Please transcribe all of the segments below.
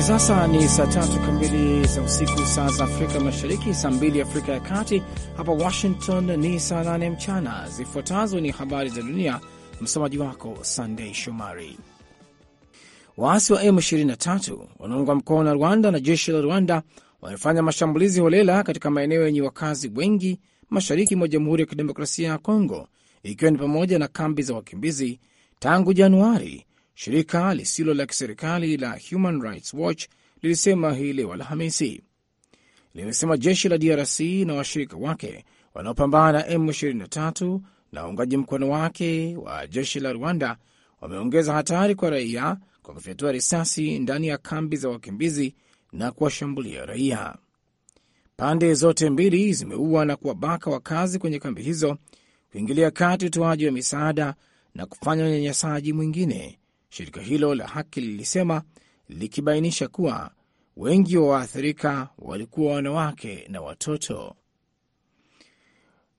Hivi sasa ni saa tatu kamili za usiku, saa za Afrika Mashariki, saa mbili Afrika ya Kati. Hapa Washington ni saa nane mchana. Zifuatazo ni habari za dunia, msomaji wako Sandei Shomari. Waasi wa M23 wanaungwa mkono na Rwanda na jeshi la Rwanda wamefanya mashambulizi holela katika maeneo yenye wakazi wengi mashariki mwa Jamhuri ya Kidemokrasia ya Kongo, ikiwa ni pamoja na kambi za wakimbizi tangu Januari Shirika lisilo la kiserikali la Human Rights Watch lilisema hii leo Alhamisi. Limesema jeshi la DRC na washirika wake wanaopambana na M23 na waungaji mkono wake wa jeshi la Rwanda wameongeza hatari kwa raia kwa kufyatua risasi ndani ya kambi za wakimbizi na kuwashambulia raia. Pande zote mbili zimeua na kuwabaka wakazi kwenye kambi hizo, kuingilia kati utoaji wa misaada na kufanya unyanyasaji mwingine Shirika hilo la haki lilisema likibainisha kuwa wengi wa waathirika walikuwa wanawake na watoto.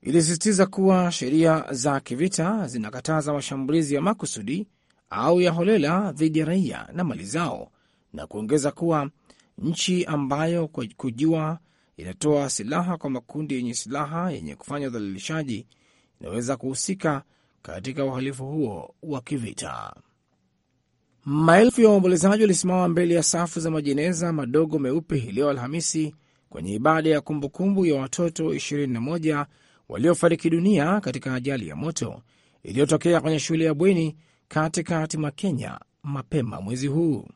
Ilisisitiza kuwa sheria za kivita zinakataza mashambulizi ya makusudi au ya holela dhidi ya raia na mali zao, na kuongeza kuwa nchi ambayo kwa kujua inatoa silaha kwa makundi yenye silaha yenye kufanya udhalilishaji inaweza kuhusika katika uhalifu huo wa kivita. Maelfu ya waombolezaji walisimama mbele ya safu za majeneza madogo meupe hii leo Alhamisi kwenye ibada ya kumbukumbu ya watoto 21 waliofariki dunia katika ajali ya moto iliyotokea kwenye shule ya bweni katikati mwa Kenya mapema mwezi huu.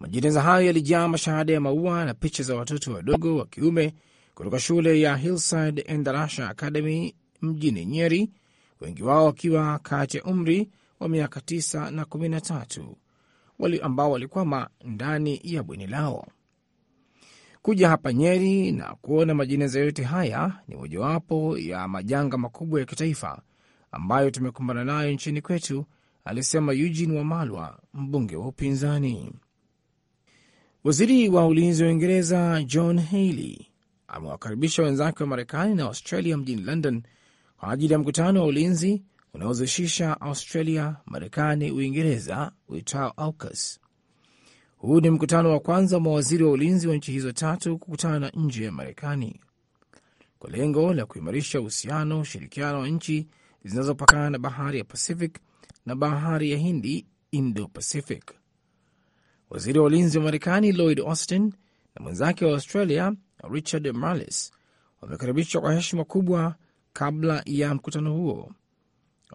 Majeneza hayo yalijaa mashahada ya maua na picha za watoto wadogo wa kiume kutoka shule ya Hillside Endarasha Academy mjini Nyeri, wengi wao wakiwa kati ya umri wa miaka 9 na tatu wali ambao walikwama ndani ya bweni lao. Kuja hapa Nyeri na kuona majineza yote haya ni mojawapo ya majanga makubwa ya kitaifa ambayo tumekumbana nayo nchini kwetu, alisema Eugene Wamalwa, mbunge wa upinzani. Waziri wa ulinzi wa Uingereza John Haley amewakaribisha wenzake wa Marekani na Australia mjini London kwa ajili ya mkutano wa ulinzi unaozishisha Australia, Marekani, Uingereza uitao AUKUS. Huu ni mkutano wa kwanza wa mawaziri wa ulinzi wa nchi hizo tatu kukutana nje ya Marekani kwa lengo la kuimarisha uhusiano, ushirikiano wa nchi zinazopakana na bahari ya Pacific na bahari ya Hindi, Indo Pacific. Waziri wa ulinzi wa Marekani Lloyd Austin na mwenzake wa Australia Richard Marles wamekaribishwa kwa heshima kubwa kabla ya mkutano huo.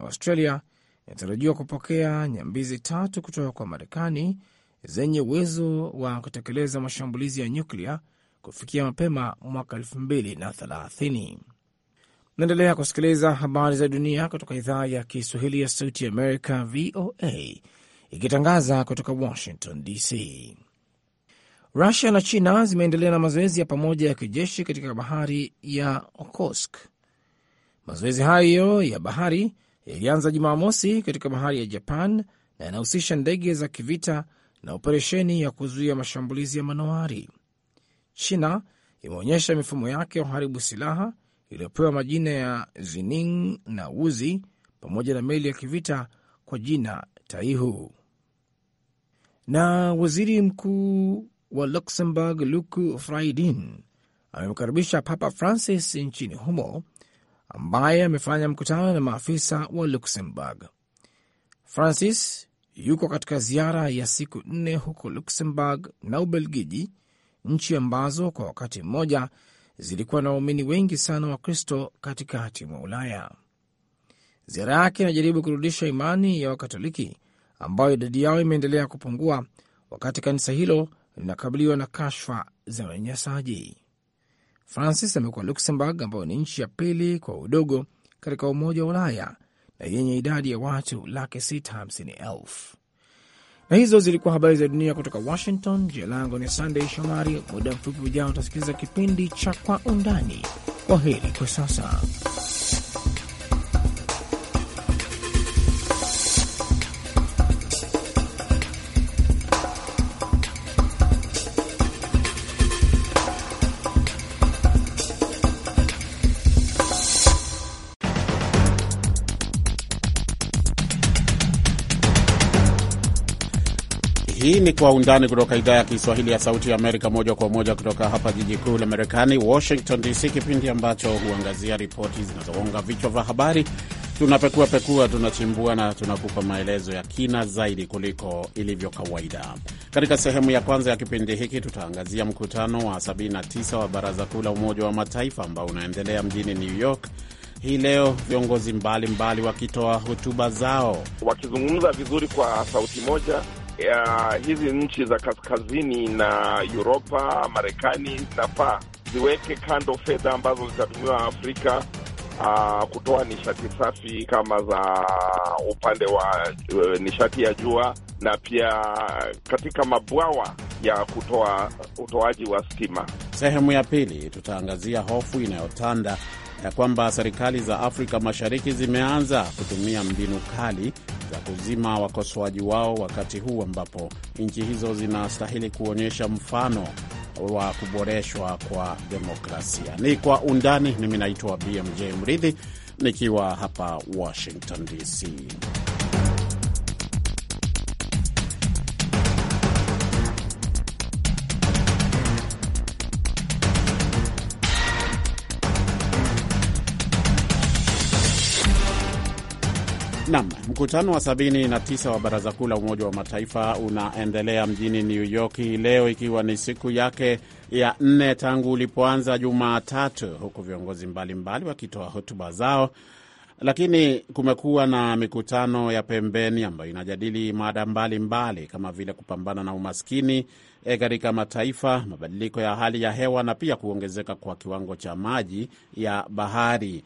Australia inatarajiwa kupokea nyambizi tatu kutoka kwa Marekani zenye uwezo wa kutekeleza mashambulizi ya nyuklia kufikia mapema mwaka 2030. Naendelea kusikiliza habari za dunia kutoka idhaa ya Kiswahili ya Sauti ya Amerika, VOA, ikitangaza kutoka Washington DC. Rusia na China zimeendelea na mazoezi ya pamoja ya kijeshi katika bahari ya Okosk. Mazoezi hayo ya bahari ilianza Jumamosi katika bahari ya Japan na inahusisha ndege za kivita na operesheni ya kuzuia mashambulizi ya manowari. China imeonyesha mifumo yake ya uharibu silaha iliyopewa majina ya Zining na Wuzi pamoja na meli ya kivita kwa jina Taihu. Na waziri mkuu wa Luxembourg Luc Friedin amemkaribisha Papa Francis nchini humo ambaye amefanya mkutano na maafisa wa Luxembourg. Francis yuko katika ziara ya siku nne huko Luxembourg na Ubelgiji, nchi ambazo kwa wakati mmoja zilikuwa na waumini wengi sana wa Kristo katikati mwa Ulaya. Ziara yake inajaribu kurudisha imani ya Wakatoliki ambayo idadi yao imeendelea kupungua wakati kanisa hilo linakabiliwa na kashfa za unyanyasaji. Francis amekuwa Luxembourg, ambayo ni nchi ya pili kwa udogo katika Umoja wa Ulaya na yenye idadi ya watu laki sita hamsini elfu. Na hizo zilikuwa habari za dunia kutoka Washington. Jina langu ni Sandey Shomari. Muda mfupi ujao utasikiliza kipindi cha Kwa Undani. Kwa heri kwa sasa. Hii ni Kwa Undani kutoka idhaa ya Kiswahili ya Sauti ya Amerika, moja kwa moja kutoka hapa jiji kuu la Marekani, Washington DC, kipindi ambacho huangazia ripoti zinazogonga vichwa vya habari. Tunapekua pekua, tunachimbua na tunakupa maelezo ya kina zaidi kuliko ilivyo kawaida. Katika sehemu ya kwanza ya kipindi hiki, tutaangazia mkutano wa 79 wa Baraza Kuu la Umoja wa Mataifa ambao unaendelea mjini New York hii leo, viongozi mbalimbali wakitoa hotuba zao, wakizungumza vizuri kwa sauti moja hizi nchi za kaskazini na Uropa, Marekani zinafaa ziweke kando fedha ambazo zitatumiwa Afrika uh, kutoa nishati safi kama za upande wa uh, nishati ya jua na pia katika mabwawa ya kutoa utoaji wa stima. Sehemu ya pili tutaangazia hofu inayotanda ya kwamba serikali za Afrika Mashariki zimeanza kutumia mbinu kali za kuzima wakosoaji wao, wakati huu ambapo nchi hizo zinastahili kuonyesha mfano wa kuboreshwa kwa demokrasia. Ni kwa undani. Mimi naitwa BMJ Mridhi nikiwa hapa Washington DC. Nam, mkutano wa 79 wa Baraza Kuu la Umoja wa Mataifa unaendelea mjini New York hii leo ikiwa ni siku yake ya nne tangu ulipoanza Jumatatu, huku viongozi mbalimbali wakitoa hotuba zao, lakini kumekuwa na mikutano ya pembeni ambayo inajadili mada mbalimbali kama vile kupambana na umaskini e, katika mataifa, mabadiliko ya hali ya hewa na pia kuongezeka kwa kiwango cha maji ya bahari.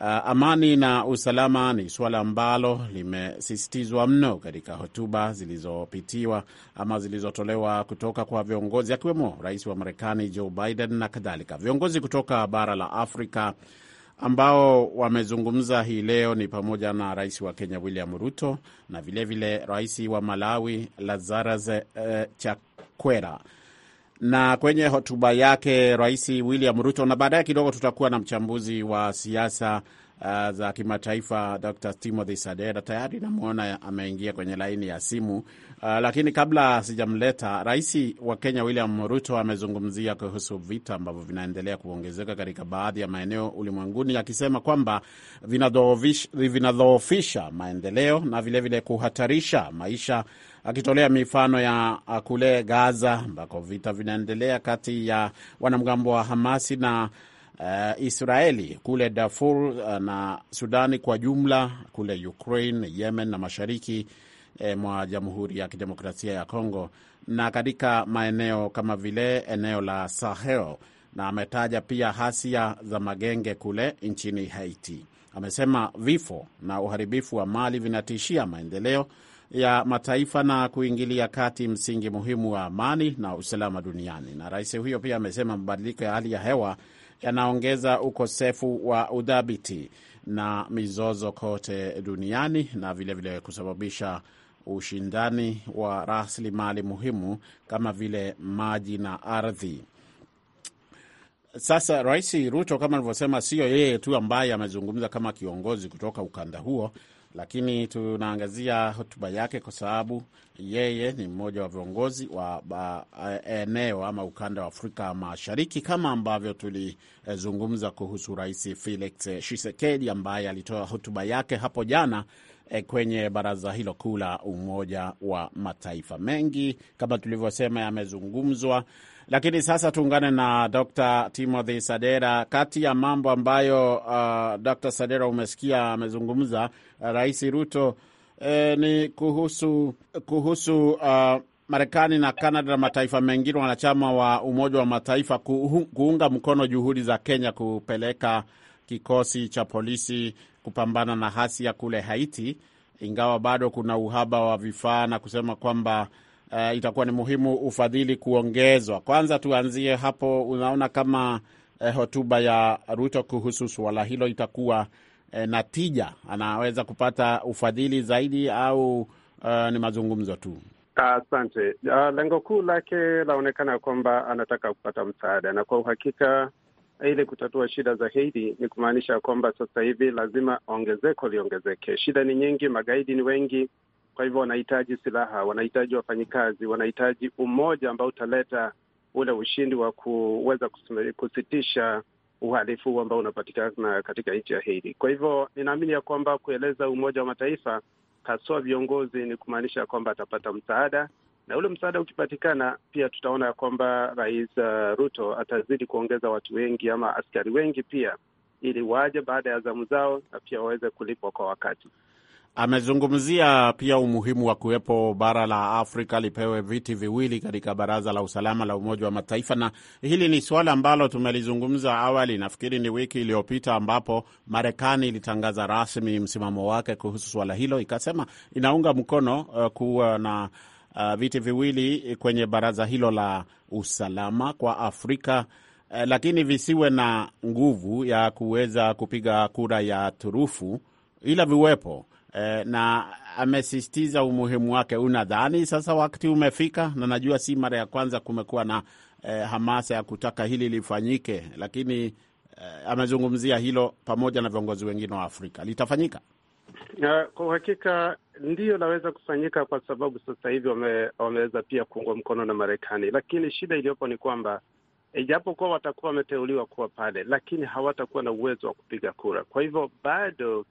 Uh, amani na usalama ni suala ambalo limesisitizwa mno katika hotuba zilizopitiwa ama zilizotolewa kutoka kwa viongozi akiwemo rais wa Marekani Joe Biden na kadhalika. Viongozi kutoka bara la Afrika ambao wamezungumza hii leo ni pamoja na rais wa Kenya William Ruto na vilevile rais wa Malawi Lazarus eh, Chakwera na kwenye hotuba yake Rais William Ruto, na baadaye kidogo tutakuwa na mchambuzi wa siasa uh, za kimataifa Dr Timothy Sadera. Tayari namwona ameingia kwenye laini ya simu uh, lakini kabla sijamleta, Rais wa Kenya William Ruto amezungumzia kuhusu vita ambavyo vinaendelea kuongezeka katika baadhi ya maeneo ulimwenguni, akisema kwamba vinadhoofisha maendeleo na vilevile vile kuhatarisha maisha akitolea mifano ya ah, kule Gaza ambako vita vinaendelea kati ya wanamgambo wa Hamasi na Uh, Israeli kule Darfur uh, na Sudani kwa jumla, kule Ukraine, Yemen na mashariki eh, mwa Jamhuri ya Kidemokrasia ya Kongo na katika maeneo kama vile eneo la Sahel, na ametaja pia hasia za magenge kule nchini Haiti. Amesema vifo na uharibifu wa mali vinatishia maendeleo ya Mataifa na kuingilia kati msingi muhimu wa amani na usalama duniani. Na rais huyo pia amesema mabadiliko ya hali ya hewa yanaongeza ukosefu wa udhabiti na mizozo kote duniani na vilevile vile kusababisha ushindani wa rasilimali muhimu kama vile maji na ardhi. Sasa Rais Ruto, kama alivyosema, siyo yeye tu ambaye amezungumza kama kiongozi kutoka ukanda huo, lakini tunaangazia hotuba yake kwa sababu yeye ni mmoja wa viongozi wa eh, eneo ama ukanda wa Afrika Mashariki, kama ambavyo tulizungumza kuhusu Rais Felix Tshisekedi ambaye alitoa hotuba yake hapo jana eh, kwenye baraza hilo kuu la Umoja wa Mataifa. Mengi kama tulivyosema yamezungumzwa, lakini sasa tuungane na Dr Timothy Sadera. Kati ya mambo ambayo uh, ah, Dr Sadera umesikia amezungumza Rais Ruto eh, ni kuhusu kuhusu uh, Marekani na Kanada na mataifa mengine wanachama wa Umoja wa Mataifa kuunga mkono juhudi za Kenya kupeleka kikosi cha polisi kupambana na hasia kule Haiti, ingawa bado kuna uhaba wa vifaa na kusema kwamba uh, itakuwa ni muhimu ufadhili kuongezwa. Kwanza tuanzie hapo, unaona kama eh, hotuba ya Ruto kuhusu suala hilo itakuwa e, na tija, anaweza kupata ufadhili zaidi au uh, ni mazungumzo tu? Asante. Uh, lengo kuu lake laonekana kwamba anataka kupata msaada, na kwa uhakika ili kutatua shida za Haiti ni kumaanisha kwamba sasa hivi lazima ongezeko liongezeke. Shida ni nyingi, magaidi ni wengi, kwa hivyo wanahitaji silaha, wanahitaji wafanyikazi, wanahitaji umoja ambao utaleta ule ushindi wa kuweza kusitisha uhalifu huu ambao unapatikana katika nchi ya Haiti. Kwa hivyo ninaamini ya kwamba kueleza Umoja wa Mataifa haswa viongozi ni kumaanisha kwamba atapata msaada, na ule msaada ukipatikana, pia tutaona ya kwamba Rais uh, Ruto atazidi kuongeza watu wengi ama askari wengi pia, ili waje baada ya zamu zao na pia waweze kulipwa kwa wakati. Amezungumzia pia umuhimu wa kuwepo bara la Afrika lipewe viti viwili katika baraza la usalama la Umoja wa Mataifa, na hili ni suala ambalo tumelizungumza awali, nafikiri ni wiki iliyopita, ambapo Marekani ilitangaza rasmi msimamo wake kuhusu suala hilo, ikasema inaunga mkono uh, kuwa na uh, viti viwili kwenye baraza hilo la usalama kwa Afrika uh, lakini visiwe na nguvu ya kuweza kupiga kura ya turufu, ila viwepo eh, na amesisitiza umuhimu wake. Unadhani sasa wakati umefika? Na najua si mara ya kwanza kumekuwa na eh, hamasa ya kutaka hili lifanyike, lakini eh, amezungumzia hilo pamoja na viongozi wengine wa Afrika. Litafanyika kwa uhakika, ndiyo laweza kufanyika, kwa sababu sasa hivi wame, wameweza pia kuungwa mkono na Marekani, lakini shida iliyopo ni kwamba ijapokuwa watakuwa wameteuliwa kuwa pale, lakini hawatakuwa na uwezo wa kupiga kura. Kwa hivyo bado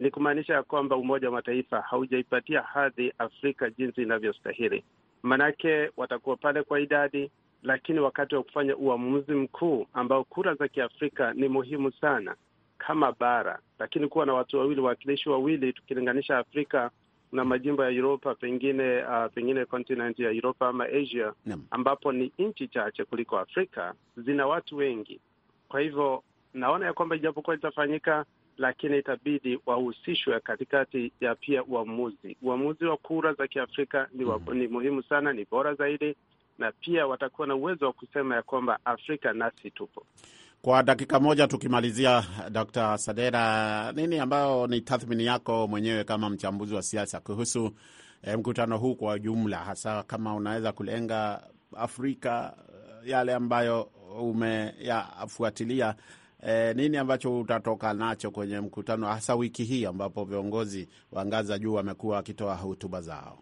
ni kumaanisha ya kwamba Umoja wa Mataifa haujaipatia hadhi Afrika jinsi inavyostahili. manake watakuwa pale kwa idadi, lakini wakati wa kufanya uamuzi mkuu ambao kura za kiafrika ni muhimu sana kama bara, lakini kuwa na watu wawili, wawakilishi wawili, tukilinganisha Afrika na majimbo ya Uropa pengine uh, pengine kontinenti ya Uropa ama Asia ambapo ni nchi chache kuliko Afrika zina watu wengi. Kwa hivyo naona ya kwamba ijapokuwa itafanyika lakini itabidi wahusishwe katikati ya pia uamuzi. Uamuzi wa kura za Kiafrika ni, wa, mm-hmm. ni muhimu sana, ni bora zaidi, na pia watakuwa na uwezo wa kusema ya kwamba Afrika nasi tupo. Kwa dakika moja tukimalizia, Dr. Sadera, nini ambayo ni tathmini yako mwenyewe kama mchambuzi wa siasa kuhusu eh, mkutano huu kwa jumla, hasa kama unaweza kulenga Afrika, eh, yale ambayo umeyafuatilia E, nini ambacho utatoka nacho kwenye mkutano hasa wiki hii ambapo viongozi wa ngazi za juu wamekuwa wakitoa hotuba zao?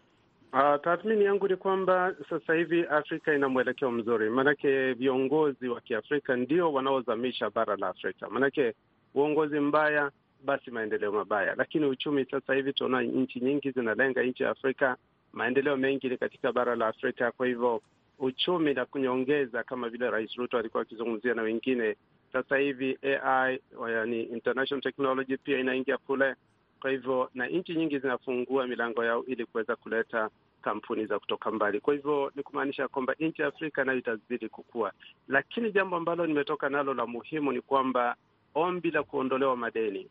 Uh, tathmini yangu ni kwamba sasa hivi Afrika ina mwelekeo mzuri, maanake viongozi wa Kiafrika ndio wanaozamisha bara la Afrika, maanake uongozi mbaya basi maendeleo mabaya. Lakini uchumi sasa hivi tunaona nchi nyingi zinalenga nchi ya Afrika, maendeleo mengi ni katika bara la Afrika. Kwa hivyo uchumi na kunyongeza, kama vile Rais Ruto alikuwa akizungumzia na wengine, sasa hivi AI yani international technology pia inaingia kule, kwa hivyo na nchi nyingi zinafungua milango yao ili kuweza kuleta kampuni za kutoka mbali. Kwa hivyo ni kumaanisha kwamba nchi ya Afrika nayo itazidi kukua, lakini jambo ambalo nimetoka nalo la muhimu ni kwamba ombi la kuondolewa madeni,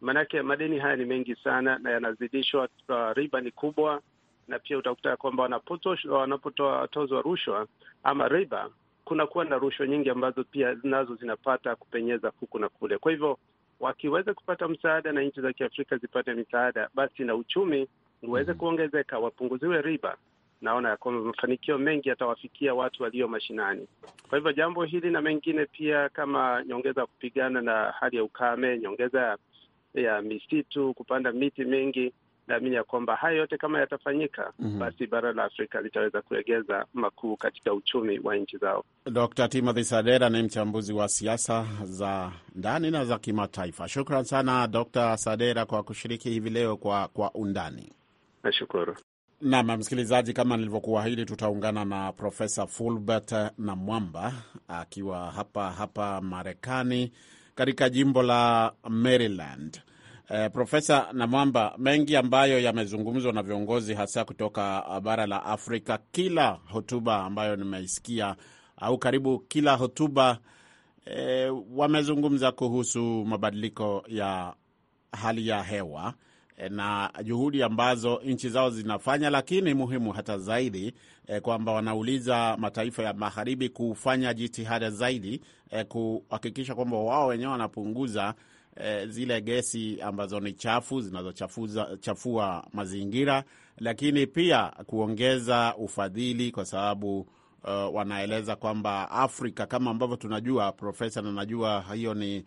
maanake madeni haya ni mengi sana na yanazidishwa, uh, riba ni kubwa, na pia utakuta kwamba wanapotozwa rushwa ama riba kunakuwa na rushwa nyingi ambazo pia nazo zinapata kupenyeza huku na kule. Kwa hivyo wakiweza kupata msaada na nchi za Kiafrika zipate misaada, basi na uchumi uweze mm-hmm. kuongezeka, wapunguziwe riba. Naona ya kwamba mafanikio mengi yatawafikia watu walio mashinani. Kwa hivyo jambo hili na mengine pia kama nyongeza ya kupigana na hali ya ukame, nyongeza ya misitu, kupanda miti mingi naamini ya kwamba haya yote kama yatafanyika, mm -hmm. basi bara la Afrika litaweza kuegeza makuu katika uchumi wa nchi zao. Dr. Timothy Sadera ni mchambuzi wa siasa za ndani na za kimataifa. Shukran sana Dr. Sadera kwa kushiriki hivi leo kwa kwa undani. Nashukuru. Nam msikilizaji, kama nilivyokuahidi, tutaungana na Profesa Fulbert na Mwamba akiwa hapa hapa Marekani katika jimbo la Maryland Eh, Profesa Namwamba, mengi ambayo yamezungumzwa na viongozi hasa kutoka uh, bara la Afrika. Kila hotuba ambayo nimeisikia au karibu kila hotuba eh, wamezungumza kuhusu mabadiliko ya hali ya hewa eh, na juhudi ambazo nchi zao zinafanya, lakini muhimu hata zaidi eh, kwamba wanauliza mataifa ya magharibi kufanya jitihada zaidi eh, kuhakikisha kwamba wao wenyewe wanapunguza eh, zile gesi ambazo ni chafu zinazochafua mazingira, lakini pia kuongeza ufadhili kwa sababu Uh, wanaeleza kwamba Afrika kama ambavyo tunajua, profesa, na najua hiyo ni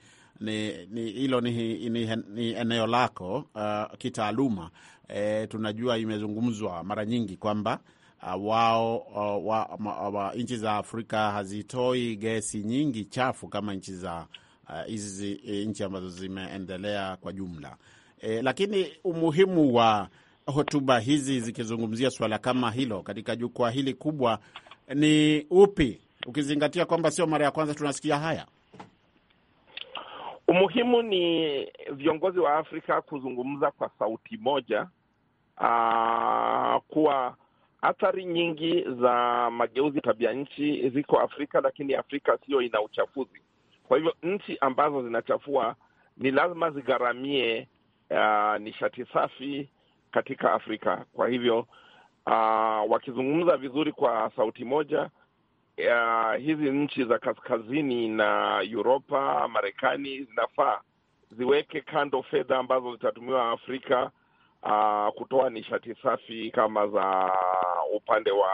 hilo ni, ni, ni, ni, ni eneo lako uh, kitaaluma e, tunajua imezungumzwa mara nyingi kwamba uh, wao uh, wa, wa, wa, nchi za Afrika hazitoi gesi nyingi chafu kama nchi za Eh, hizi uh, nchi ambazo zimeendelea kwa jumla e, lakini umuhimu wa hotuba hizi zikizungumzia swala kama hilo katika jukwaa hili kubwa ni upi, ukizingatia kwamba sio mara ya kwanza tunasikia haya? Umuhimu ni viongozi wa Afrika kuzungumza kwa sauti moja, ah, kuwa athari nyingi za mageuzi tabia nchi ziko Afrika, lakini Afrika siyo ina uchafuzi. Kwa hivyo nchi ambazo zinachafua ni lazima zigharamie uh, nishati safi katika Afrika. Kwa hivyo uh, wakizungumza vizuri kwa sauti moja uh, hizi nchi za kaskazini na Uropa, Marekani zinafaa ziweke kando fedha ambazo zitatumiwa Afrika uh, kutoa nishati safi kama za upande wa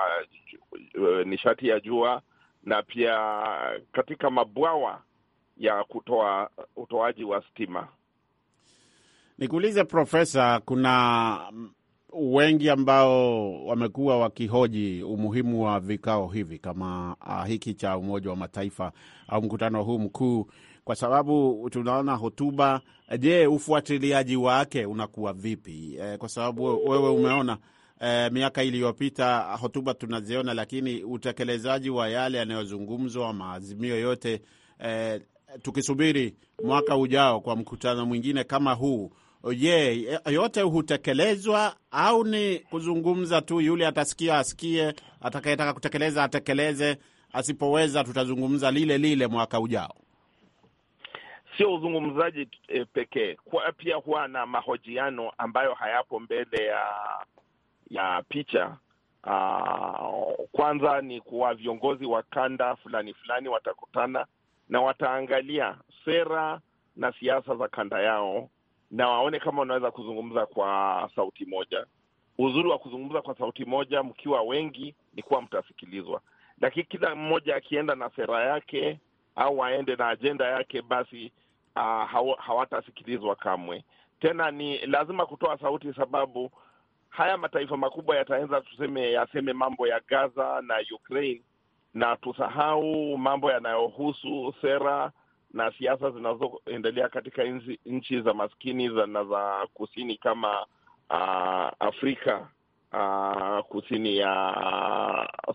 eh, nishati ya jua na pia katika mabwawa ya kutoa utoaji wa stima. Nikuulize Profesa, kuna wengi ambao wamekuwa wakihoji umuhimu wa vikao hivi kama ah, hiki cha Umoja wa Mataifa au mkutano huu mkuu, kwa sababu tunaona hotuba. Je, ufuatiliaji wake unakuwa vipi? E, kwa sababu wewe umeona e, miaka iliyopita hotuba tunaziona, lakini utekelezaji wa yale yanayozungumzwa, maazimio yote e, tukisubiri mwaka ujao kwa mkutano mwingine kama huu, je, yote hutekelezwa au ni kuzungumza tu? Yule atasikia asikie, atakayetaka kutekeleza atekeleze, asipoweza tutazungumza lile lile mwaka ujao. Sio uzungumzaji e, pekee kwa, pia huwa na mahojiano ambayo hayapo mbele ya ya picha. Aa, ah, kwanza ni kuwa viongozi wa kanda fulani fulani watakutana na wataangalia sera na siasa za kanda yao na waone kama wanaweza kuzungumza kwa sauti moja. Uzuri wa kuzungumza kwa sauti moja mkiwa wengi ni kuwa mtasikilizwa, lakini kila mmoja akienda na sera yake au aende na ajenda yake, basi uh, hawatasikilizwa kamwe. Tena ni lazima kutoa sauti, sababu haya mataifa makubwa yataanza tuseme, yaseme mambo ya Gaza na Ukraine na tusahau mambo yanayohusu sera na siasa zinazoendelea katika inzi, nchi za maskini za, na za kusini kama uh, Afrika uh, kusini ya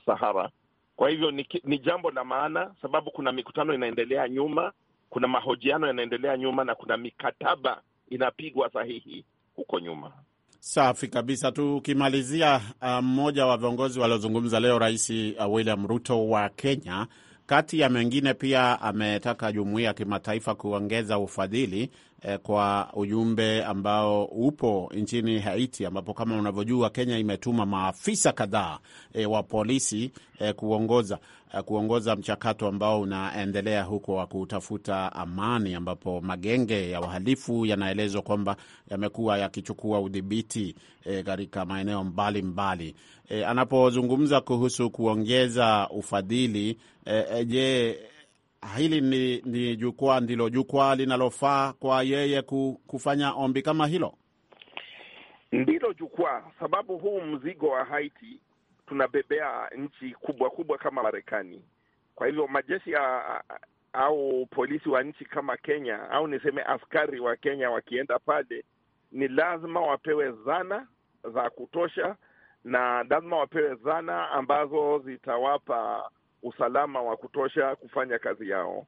Sahara. Kwa hivyo ni, ni jambo la maana, sababu kuna mikutano inaendelea nyuma, kuna mahojiano yanaendelea nyuma, na kuna mikataba inapigwa sahihi huko nyuma. Safi kabisa. Tukimalizia uh, mmoja um, wa viongozi waliozungumza leo, Rais uh, William Ruto wa Kenya, kati ya mengine pia ametaka jumuiya ya kimataifa kuongeza ufadhili eh, kwa ujumbe ambao upo nchini Haiti, ambapo kama unavyojua Kenya imetuma maafisa kadhaa eh, wa polisi eh, kuongoza eh, kuongoza mchakato ambao unaendelea huko wa kutafuta amani, ambapo magenge ya wahalifu yanaelezwa kwamba yamekuwa yakichukua udhibiti eh, katika maeneo mbalimbali mbali. Eh, e, anapozungumza kuhusu kuongeza ufadhili e, e, je Ah, hili ni, ni jukwaa ndilo jukwaa linalofaa kwa yeye kufanya ombi kama hilo? Ndilo jukwaa, sababu huu mzigo wa Haiti tunabebea nchi kubwa kubwa kama Marekani. Kwa hivyo majeshi ya au polisi wa nchi kama Kenya au niseme askari wa Kenya wakienda pale, ni lazima wapewe zana za kutosha na lazima wapewe zana ambazo zitawapa usalama wa kutosha kufanya kazi yao,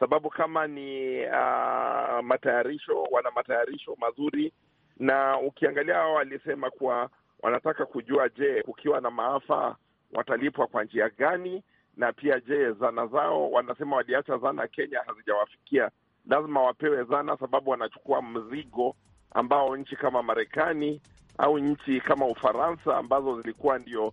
sababu kama ni uh, matayarisho, wana matayarisho mazuri, na ukiangalia hao walisema kuwa wanataka kujua, je, kukiwa na maafa watalipwa kwa njia gani? Na pia je, zana zao, wanasema waliacha zana Kenya hazijawafikia, lazima wapewe zana, sababu wanachukua mzigo ambao nchi kama Marekani au nchi kama Ufaransa ambazo zilikuwa ndio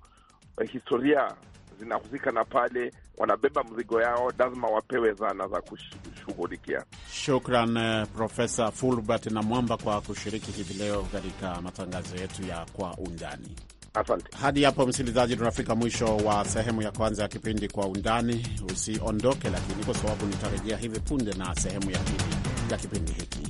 eh, historia zinahusika na pale, wanabeba mzigo yao, lazima wapewe zana za kushughulikia. Shukran eh, Profesa Fulbert na Mwamba kwa kushiriki hivi leo katika matangazo yetu ya Kwa Undani. Asante. Hadi hapo msikilizaji, tunafika mwisho wa sehemu ya kwanza ya kipindi Kwa Undani. Usiondoke, lakini kwa sababu nitarejea hivi punde na sehemu ya pili ya kipindi hiki.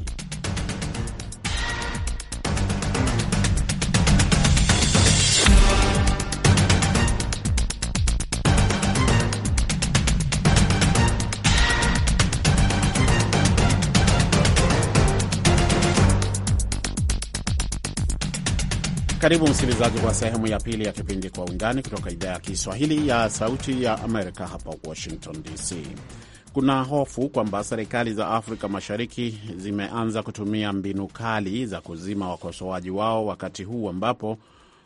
Karibu msikilizaji kwa sehemu ya pili ya kipindi Kwa Undani kutoka idhaa ya Kiswahili ya Sauti ya Amerika, hapa Washington DC. Kuna hofu kwamba serikali za Afrika Mashariki zimeanza kutumia mbinu kali za kuzima wakosoaji wao wakati huu ambapo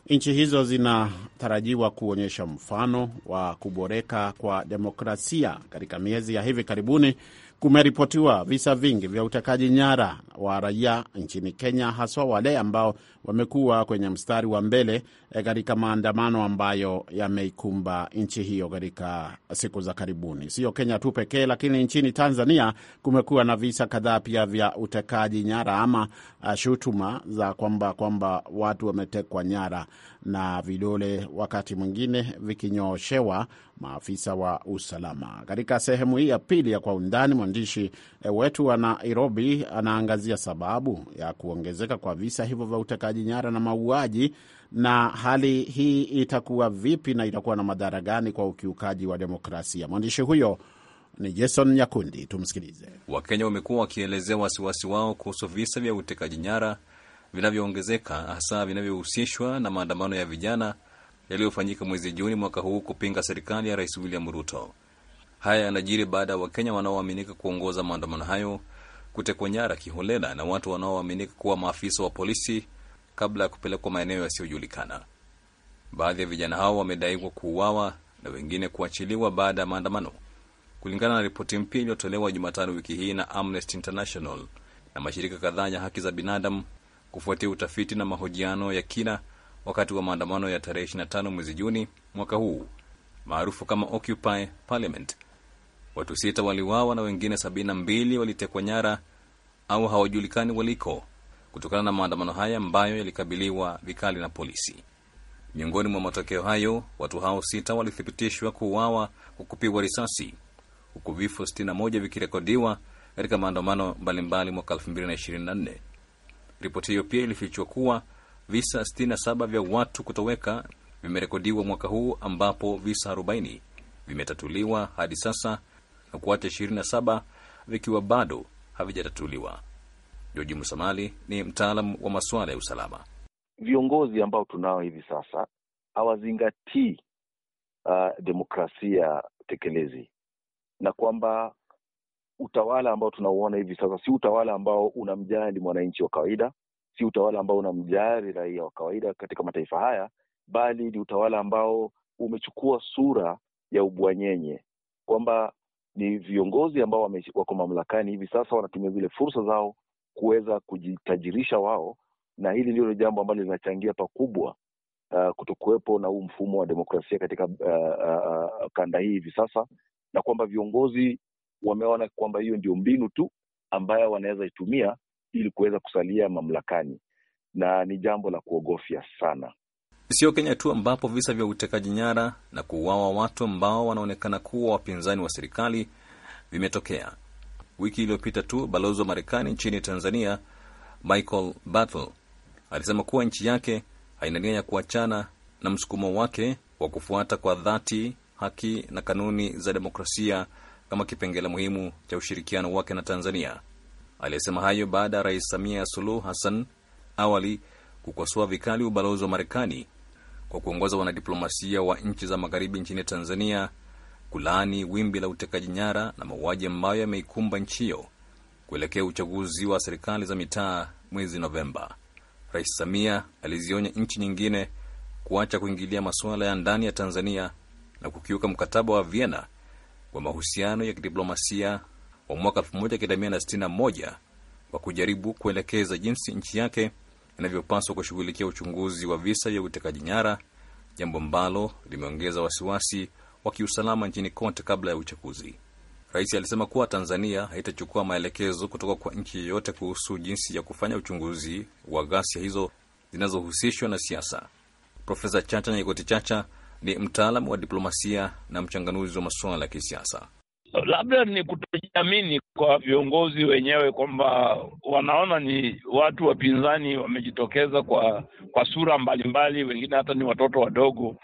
Nchi hizo zinatarajiwa kuonyesha mfano wa kuboreka kwa demokrasia. Katika miezi ya hivi karibuni, kumeripotiwa visa vingi vya utekaji nyara wa raia nchini Kenya, haswa wale ambao wamekuwa kwenye mstari wa mbele eh, katika maandamano ambayo yameikumba nchi hiyo katika siku za karibuni. Sio Kenya tu pekee, lakini nchini Tanzania kumekuwa na visa kadhaa pia vya utekaji nyara ama ah, shutuma za kwamba kwamba watu wametekwa nyara na vidole wakati mwingine vikinyooshewa maafisa wa usalama. Katika sehemu hii ya pili ya Kwa Undani, mwandishi eh, wetu wa Nairobi anaangazia sababu ya kuongezeka kwa visa hivyo vya utekaji nyara na mauaji, na hali hii itakuwa vipi na itakuwa na madhara gani kwa ukiukaji wa demokrasia. Mwandishi huyo ni Jason Nyakundi. Tumsikilize. Wakenya wamekuwa wakielezea wasiwasi wao kuhusu visa vya utekaji nyara vinavyoongezeka hasa vinavyohusishwa na maandamano ya vijana yaliyofanyika mwezi Juni mwaka huu kupinga serikali ya Rais William Ruto. Haya yanajiri baada ya Wakenya wanaoaminika kuongoza maandamano hayo kutekwa nyara kiholela na watu wanaoaminika kuwa maafisa wa polisi kabla ya kupelekwa maeneo yasiyojulikana. Baadhi ya vijana hao wamedaiwa kuuawa na wengine kuachiliwa baada ya maandamano, kulingana na ripoti mpya iliyotolewa Jumatano wiki hii na Amnesty International na mashirika kadhaa ya haki za binadamu kufuatia utafiti na mahojiano ya kina wakati wa maandamano ya tarehe 25 mwezi Juni mwaka huu maarufu kama Occupy Parliament. Watu sita waliuawa na wengine 72 walitekwa nyara au hawajulikani waliko kutokana na maandamano haya ambayo yalikabiliwa vikali na polisi. Miongoni mwa matokeo hayo, watu hao sita walithibitishwa kuuawa kwa kupigwa risasi, huku vifo 61 vikirekodiwa katika maandamano mbalimbali mwaka 2024. Ripoti hiyo pia ilifichua kuwa visa 67 vya watu kutoweka vimerekodiwa mwaka huu ambapo visa 40 vimetatuliwa hadi sasa na kuacha 27 vikiwa bado havijatatuliwa. Joji Musamali ni mtaalam wa masuala ya usalama. Viongozi ambao tunao hivi sasa hawazingatii uh, demokrasia tekelezi na kwamba utawala ambao tunauona hivi sasa si utawala ambao unamjali mwananchi wa kawaida, si utawala ambao unamjali raia wa kawaida katika mataifa haya, bali ni utawala ambao umechukua sura ya ubwanyenye, kwamba ni viongozi ambao wako mamlakani hivi sasa wanatumia zile fursa zao kuweza kujitajirisha wao, na hili ndilo jambo ambalo linachangia pakubwa uh, kutokuwepo na huu mfumo wa demokrasia katika uh, uh, uh kanda hii hivi sasa, na kwamba viongozi wameona kwamba hiyo ndio mbinu tu ambayo wanaweza itumia ili kuweza kusalia mamlakani, na ni jambo la kuogofya sana. Sio Kenya tu ambapo visa vya utekaji nyara na kuuawa watu ambao wanaonekana kuwa wapinzani wa serikali vimetokea. Wiki iliyopita tu balozi wa Marekani nchini Tanzania Michael Battle alisema kuwa nchi yake haina nia ya kuachana na msukumo wake wa kufuata kwa dhati haki na kanuni za demokrasia kama kipengele muhimu cha ushirikiano wake na Tanzania. Aliyesema hayo baada ya Rais Samia Suluhu Hassan awali kukosoa vikali ubalozi wa Marekani kwa kuongoza wanadiplomasia wa nchi za magharibi nchini Tanzania kulaani wimbi la utekaji nyara na mauaji ambayo yameikumba nchi hiyo kuelekea uchaguzi wa serikali za mitaa mwezi Novemba. Rais Samia alizionya nchi nyingine kuacha kuingilia masuala ya ndani ya Tanzania na kukiuka mkataba wa Vienna wa mahusiano ya kidiplomasia wa mwaka 1961 wa kujaribu kuelekeza jinsi nchi yake inavyopaswa kushughulikia uchunguzi wa visa vya utekaji nyara, jambo ambalo limeongeza wasiwasi wa kiusalama nchini kote kabla ya uchaguzi. Rais alisema kuwa Tanzania haitachukua maelekezo kutoka kwa nchi yoyote kuhusu jinsi ya kufanya uchunguzi wa ghasia hizo zinazohusishwa na siasa. Profesa Chacha Nyaigoti Chacha ni mtaalamu wa diplomasia na mchanganuzi wa masuala ya kisiasa. Labda ni kutojiamini kwa viongozi wenyewe kwamba wanaona ni watu wapinzani wamejitokeza kwa kwa sura mbalimbali, wengine hata ni watoto wadogo,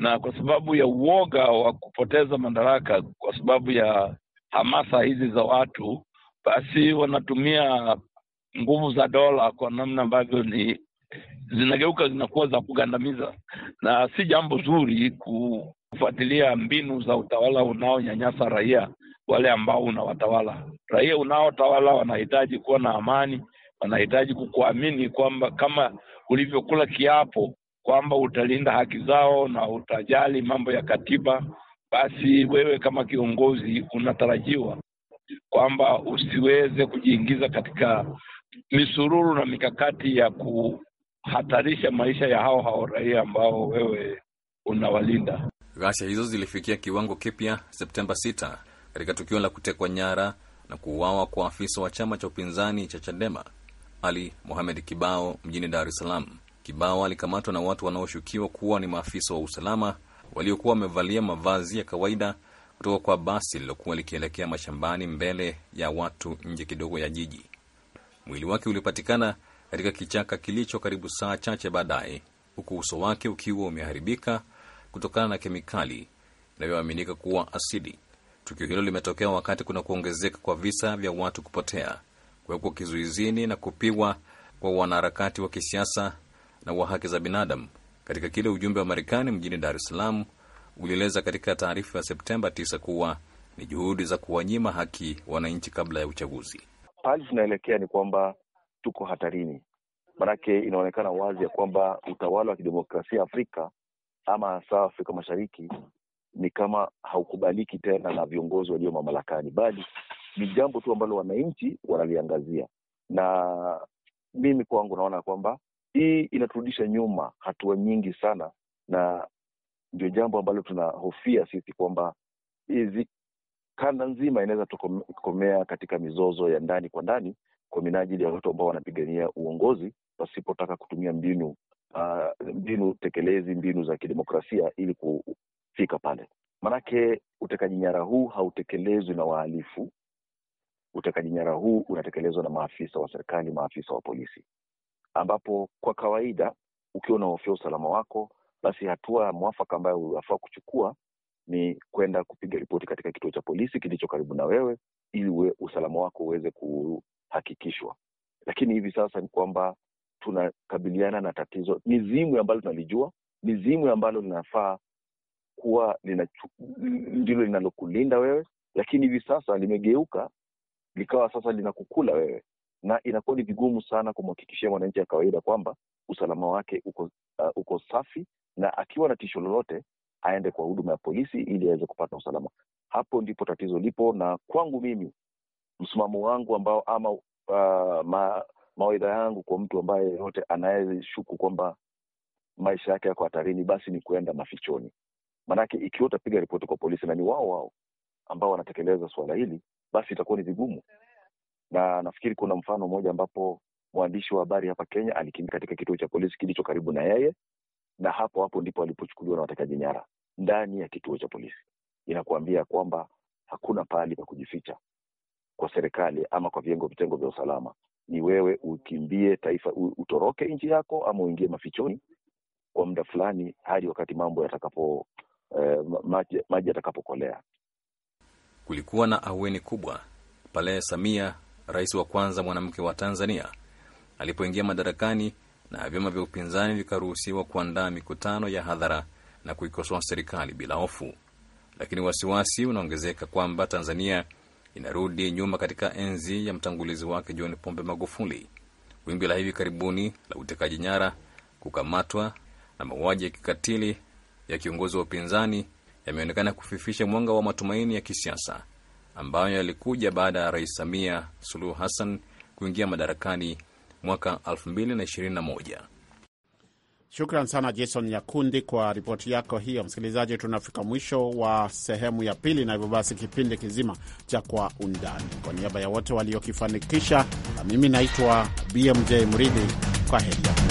na kwa sababu ya uoga wa kupoteza madaraka, kwa sababu ya hamasa hizi za watu, basi wanatumia nguvu za dola kwa namna ambavyo ni zinageuka zinakuwa za kugandamiza na si jambo zuri kufuatilia mbinu za utawala unaonyanyasa raia wale ambao unawatawala. Raia unaotawala wanahitaji kuwa na amani, wanahitaji kukuamini kwamba kama ulivyokula kiapo kwamba utalinda haki zao na utajali mambo ya katiba, basi wewe kama kiongozi unatarajiwa kwamba usiweze kujiingiza katika misururu na mikakati ya ku hatarisha maisha ya hao hao raia ambao wewe unawalinda. Ghasia hizo zilifikia kiwango kipya Septemba 6 katika tukio la kutekwa nyara na kuuawa kwa afisa wa chama cha upinzani cha Chadema Ali Mohamed Kibao mjini Dar es Salaam. Kibao alikamatwa na watu wanaoshukiwa kuwa ni maafisa wa usalama waliokuwa wamevalia mavazi ya kawaida kutoka kwa basi lilokuwa likielekea mashambani mbele ya watu nje kidogo ya jiji. Mwili wake ulipatikana katika kichaka kilicho karibu saa chache baadaye, huku uso wake ukiwa umeharibika kutokana na kemikali inayoaminika kuwa asidi. Tukio hilo limetokea wakati kuna kuongezeka kwa visa vya watu kupotea, kuwekwa kizuizini na kupigwa kwa wanaharakati wa kisiasa na wa haki za binadamu, katika kile ujumbe wa Marekani mjini Dar es Salaam ulieleza katika taarifa ya Septemba 9 kuwa ni juhudi za kuwanyima haki wananchi kabla ya uchaguzi. Hali zinaelekea ni kwamba tuko hatarini, manake inaonekana wazi ya kwamba utawala wa kidemokrasia Afrika ama hasa Afrika Mashariki ni kama haukubaliki tena na viongozi walio mamlakani, bali ni jambo tu ambalo wananchi wanaliangazia. Na mimi kwangu naona kwamba hii inaturudisha nyuma hatua nyingi sana, na ndio jambo ambalo tunahofia sisi kwamba hizi kanda nzima inaweza tukomea katika mizozo ya ndani kwa ndani kwa minajili ya watu ambao wanapigania uongozi pasipotaka kutumia mbinu uh, mbinu tekelezi, mbinu za kidemokrasia ili kufika pale. manake utekaji nyara huu hautekelezwi na wahalifu. Utekaji nyara huu unatekelezwa na maafisa wa serikali, maafisa wa polisi, ambapo kwa kawaida ukiwa unahofia usalama wako, basi hatua ya mwafaka ambayo unafaa kuchukua ni kwenda kupiga ripoti katika kituo cha polisi kilicho karibu na wewe, ili usalama wako uweze ku, hakikishwa. Lakini hivi sasa ni kwamba tunakabiliana na tatizo, ni zimwi ambalo tunalijua, ni zimwi ambalo linafaa kuwa ndilo linalokulinda wewe, lakini hivi sasa limegeuka likawa sasa linakukula wewe, na inakuwa ni vigumu sana kumhakikishia mwananchi wa kawaida kwamba usalama wake uko, uh, uko safi, na akiwa na tisho lolote aende kwa huduma ya polisi ili aweze kupata usalama. Hapo ndipo tatizo lipo, na kwangu mimi msimamo wangu ambao ama uh, ma, mawaidha yangu kwa mtu ambaye yeyote anayeshuku kwamba maisha yake yako hatarini, basi ni kuenda mafichoni. Maanake ikiwa utapiga ripoti kwa polisi na ni wao wao ambao wanatekeleza suala hili, basi itakuwa ni vigumu. Na nafikiri kuna mfano mmoja ambapo mwandishi wa habari hapa Kenya alikimbia katika kituo cha polisi kilicho karibu na yeye, na hapo hapo ndipo alipochukuliwa na watekaji nyara ndani ya kituo cha polisi. Inakuambia kwamba hakuna pahali pa kujificha kwa serikali ama kwa viengo vitengo vya usalama ni wewe ukimbie taifa utoroke nchi yako ama uingie mafichoni kwa muda fulani hadi wakati mambo yatakapo eh, maji, yatakapokolea kulikuwa na aweni kubwa pale samia rais wa kwanza mwanamke wa tanzania alipoingia madarakani na vyama vya upinzani vikaruhusiwa kuandaa mikutano ya hadhara na kuikosoa serikali bila hofu lakini wasiwasi unaongezeka kwamba tanzania inarudi nyuma katika enzi ya mtangulizi wake John Pombe Magufuli. Wimbi la hivi karibuni la utekaji nyara, kukamatwa na mauaji ya kikatili ya kiongozi wa upinzani yameonekana kufifisha mwanga wa matumaini ya kisiasa ambayo yalikuja baada ya Rais Samia Suluhu Hassan kuingia madarakani mwaka 2021. Shukran sana Jason Nyakundi kwa ripoti yako hiyo. Msikilizaji, tunafika mwisho wa sehemu ya pili, na hivyo basi kipindi kizima cha Kwa Undani, kwa niaba ya wote waliokifanikisha, na mimi naitwa BMJ Mridhi. Kwa heri.